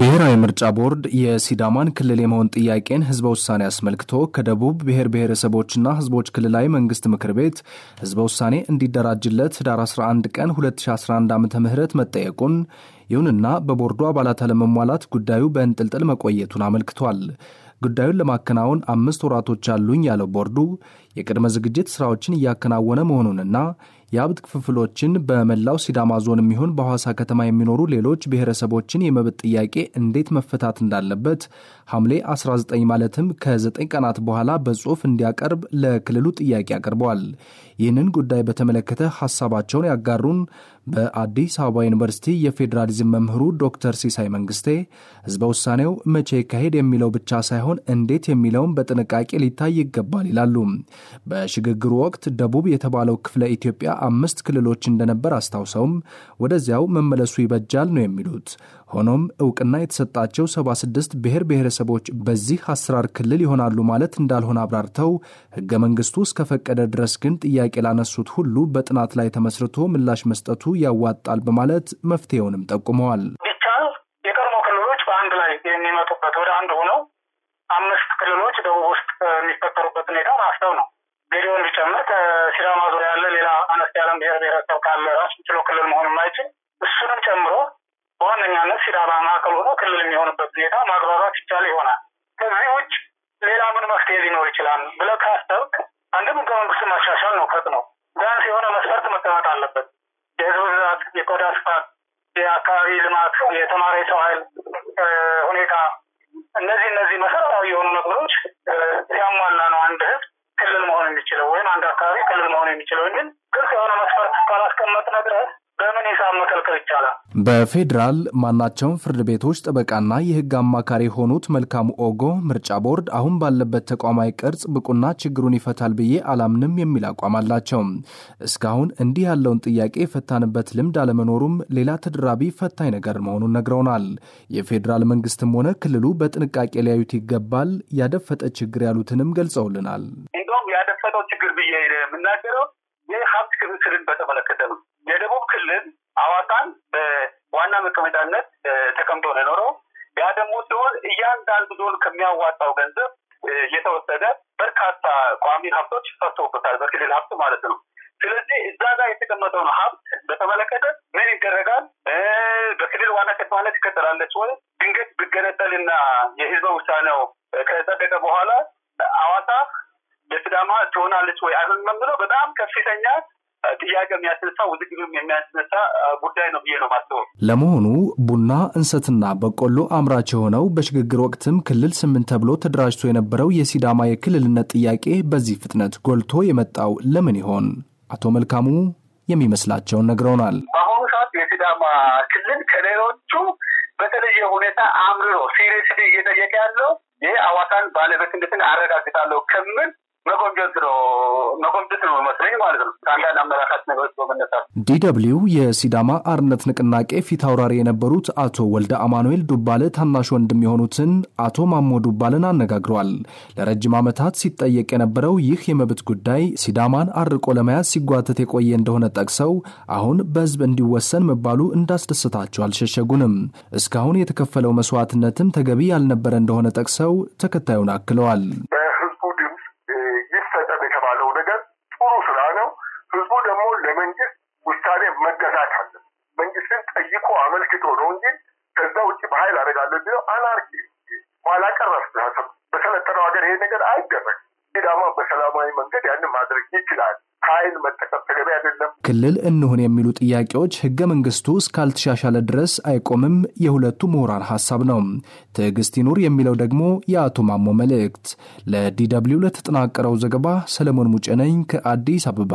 ብሔራዊ ምርጫ ቦርድ የሲዳማን ክልል የመሆን ጥያቄን ህዝበ ውሳኔ አስመልክቶ ከደቡብ ብሔር ብሔረሰቦችና ህዝቦች ክልላዊ መንግስት ምክር ቤት ህዝበ ውሳኔ እንዲደራጅለት ህዳር 11 ቀን 2011 ዓ ም መጠየቁን ይሁንና በቦርዱ አባላት አለመሟላት ጉዳዩ በእንጥልጥል መቆየቱን አመልክቷል። ጉዳዩን ለማከናወን አምስት ወራቶች አሉኝ ያለው ቦርዱ የቅድመ ዝግጅት ስራዎችን እያከናወነ መሆኑንና የሀብት ክፍፍሎችን በመላው ሲዳማ ዞን የሚሆን በሐዋሳ ከተማ የሚኖሩ ሌሎች ብሔረሰቦችን የመብት ጥያቄ እንዴት መፈታት እንዳለበት ሐምሌ 19 ማለትም ከ9 ቀናት በኋላ በጽሑፍ እንዲያቀርብ ለክልሉ ጥያቄ አቅርበዋል። ይህንን ጉዳይ በተመለከተ ሐሳባቸውን ያጋሩን በአዲስ አበባ ዩኒቨርሲቲ የፌዴራሊዝም መምህሩ ዶክተር ሲሳይ መንግስቴ ህዝበ ውሳኔው መቼ ይካሄድ የሚለው ብቻ ሳይሆን እንዴት የሚለውም በጥንቃቄ ሊታይ ይገባል ይላሉ። በሽግግሩ ወቅት ደቡብ የተባለው ክፍለ ኢትዮጵያ አምስት ክልሎች እንደነበር አስታውሰውም ወደዚያው መመለሱ ይበጃል ነው የሚሉት። ሆኖም እውቅና የተሰጣቸው 76 ብሔር ብሔረሰቦች በዚህ አሰራር ክልል ይሆናሉ ማለት እንዳልሆነ አብራርተው ሕገ መንግስቱ እስከፈቀደ ድረስ ግን ጥያቄ ላነሱት ሁሉ በጥናት ላይ ተመስርቶ ምላሽ መስጠቱ ያዋጣል በማለት መፍትሄውንም ጠቁመዋል። የቀድሞ ክልሎች በአንድ ላይ የሚመጡበት ወደ አንድ ሆነው አምስት ክልሎች ደቡብ ውስጥ የሚፈጠሩበት ሁኔታ ማስተው ነው። ገዲዮን ቢጨምር ሲዳማ ዙሪያ ያለ ሌላ አነስ ያለን ብሔር ብሔረሰብ ካለ ራሱ ችሎ ክልል መሆን የማይችል እሱንም ጨምሮ በዋነኛነት ሲዳማ ማዕከል ሆኖ ክልል የሚሆንበት ሁኔታ ማግባባት ይቻል ይሆናል። ከዚህ ውጭ ሌላ ምን መፍትሄ ሊኖር ይችላል ብለህ ካሰብክ አንድም ህገ መንግስት ማሻሻል ነው። ከጥ ነው ቢያንስ የሆነ መስፈርት መቀመጥ አለበት። የህዝብ ብዛት፣ የቆዳ ስፋት፣ የአካባቢ ልማት፣ የተማሪ ሰው ኃይል ሁኔታ እነዚህ እነዚህ መሰረታዊ የሆኑ ነገሮች አካባቢ ክልል መሆን የሚችለው ግን ግልጽ የሆነ መስፈርት ካላስቀመጥነ ድረስ በምን ሂሳብ መከልከል ይቻላል? በፌዴራል ማናቸውም ፍርድ ቤቶች ጠበቃና የህግ አማካሪ የሆኑት መልካሙ ኦጎ ምርጫ ቦርድ አሁን ባለበት ተቋማዊ ቅርጽ ብቁና ችግሩን ይፈታል ብዬ አላምንም የሚል አቋም አላቸው። እስካሁን እንዲህ ያለውን ጥያቄ የፈታንበት ልምድ አለመኖሩም ሌላ ተደራቢ ፈታኝ ነገር መሆኑን ነግረውናል። የፌዴራል መንግስትም ሆነ ክልሉ በጥንቃቄ ሊያዩት ይገባል ያደፈጠ ችግር ያሉትንም ገልጸውልናል። ነው ያደፈጠው ችግር ብዬ የምናገረው ይህ ሀብት ክምስልን በተመለከተ ነው። የደቡብ ክልል አዋሳን በዋና መቀመጫነት ተቀምጦ ነው የኖረው። ያ ደግሞ ሲሆን እያንዳንዱ ዞን ከሚያዋጣው ገንዘብ የተወሰደ በርካታ ቋሚ ሀብቶች ፈሶበታል፣ በክልል ሀብት ማለት ነው። ስለዚህ እዛ ጋር የተቀመጠውን ሀብት በተመለከተ ምን ይደረጋል? በክልል ዋና ከተማነት ይከተላለች ወይ? ድንገት ብገነጠልና የህዝበ ውሳኔው ከጸደቀ በኋላ አዋሳ የስዳማ ትሆናለች ወይ አይሆንም የምለው በጣም ከፍተኛ ጥያቄ የሚያስነሳ ውዝግብም የሚያስነሳ ጉዳይ ነው ብዬ ነው ማስበው። ለመሆኑ ቡና እንሰትና በቆሎ አምራች የሆነው በሽግግር ወቅትም ክልል ስምንት ተብሎ ተደራጅቶ የነበረው የሲዳማ የክልልነት ጥያቄ በዚህ ፍጥነት ጎልቶ የመጣው ለምን ይሆን? አቶ መልካሙ የሚመስላቸውን ነግረውናል። በአሁኑ ሰዓት የሲዳማ ክልል ከሌሎቹ በተለየ ሁኔታ አምርሮ ሲሪስ እየጠየቀ ያለው ይህ አዋሳን ባለቤትነትን አረጋግጣለሁ ከምን መቆንጀት ዲደብሊው የሲዳማ አርነት ንቅናቄ ፊት አውራሪ የነበሩት አቶ ወልደ አማኑኤል ዱባለ ታናሽ ወንድም የሆኑትን አቶ ማሞ ዱባልን አነጋግሯል። ለረጅም ዓመታት ሲጠየቅ የነበረው ይህ የመብት ጉዳይ ሲዳማን አርቆ ለመያዝ ሲጓተት የቆየ እንደሆነ ጠቅሰው አሁን በህዝብ እንዲወሰን መባሉ እንዳስደሰታቸው አልሸሸጉንም። እስካሁን የተከፈለው መስዋዕትነትም ተገቢ ያልነበረ እንደሆነ ጠቅሰው ተከታዩን አክለዋል። የተባለው ነገር ጥሩ ስራ ነው። ህዝቡ ደግሞ ለመንግስት ውሳኔ መገዛት አለ። መንግስትን ጠይቆ አመልክቶ ነው እንጂ ከዛ ውጭ በሀይል አደርጋለሁ ቢለው አናርኪ ኋላ ቀር አስተሳሰብ በሰለጠነው ሀገር ይሄ ነገር አይደረግ። ሲዳማ በሰላማዊ መንገድ ያንን ማድረግ ይችላል። ኃይል መጠቀም ተገቢ አይደለም። ክልል እንሁን የሚሉ ጥያቄዎች ህገ መንግስቱ እስካልተሻሻለ ድረስ አይቆምም የሁለቱ ምሁራን ሀሳብ ነው። ትዕግስት ይኑር የሚለው ደግሞ የአቶ ማሞ መልእክት። ለዲ ደብልዩ ለተጠናቀረው ዘገባ ሰለሞን ሙጨነኝ ከአዲስ አበባ።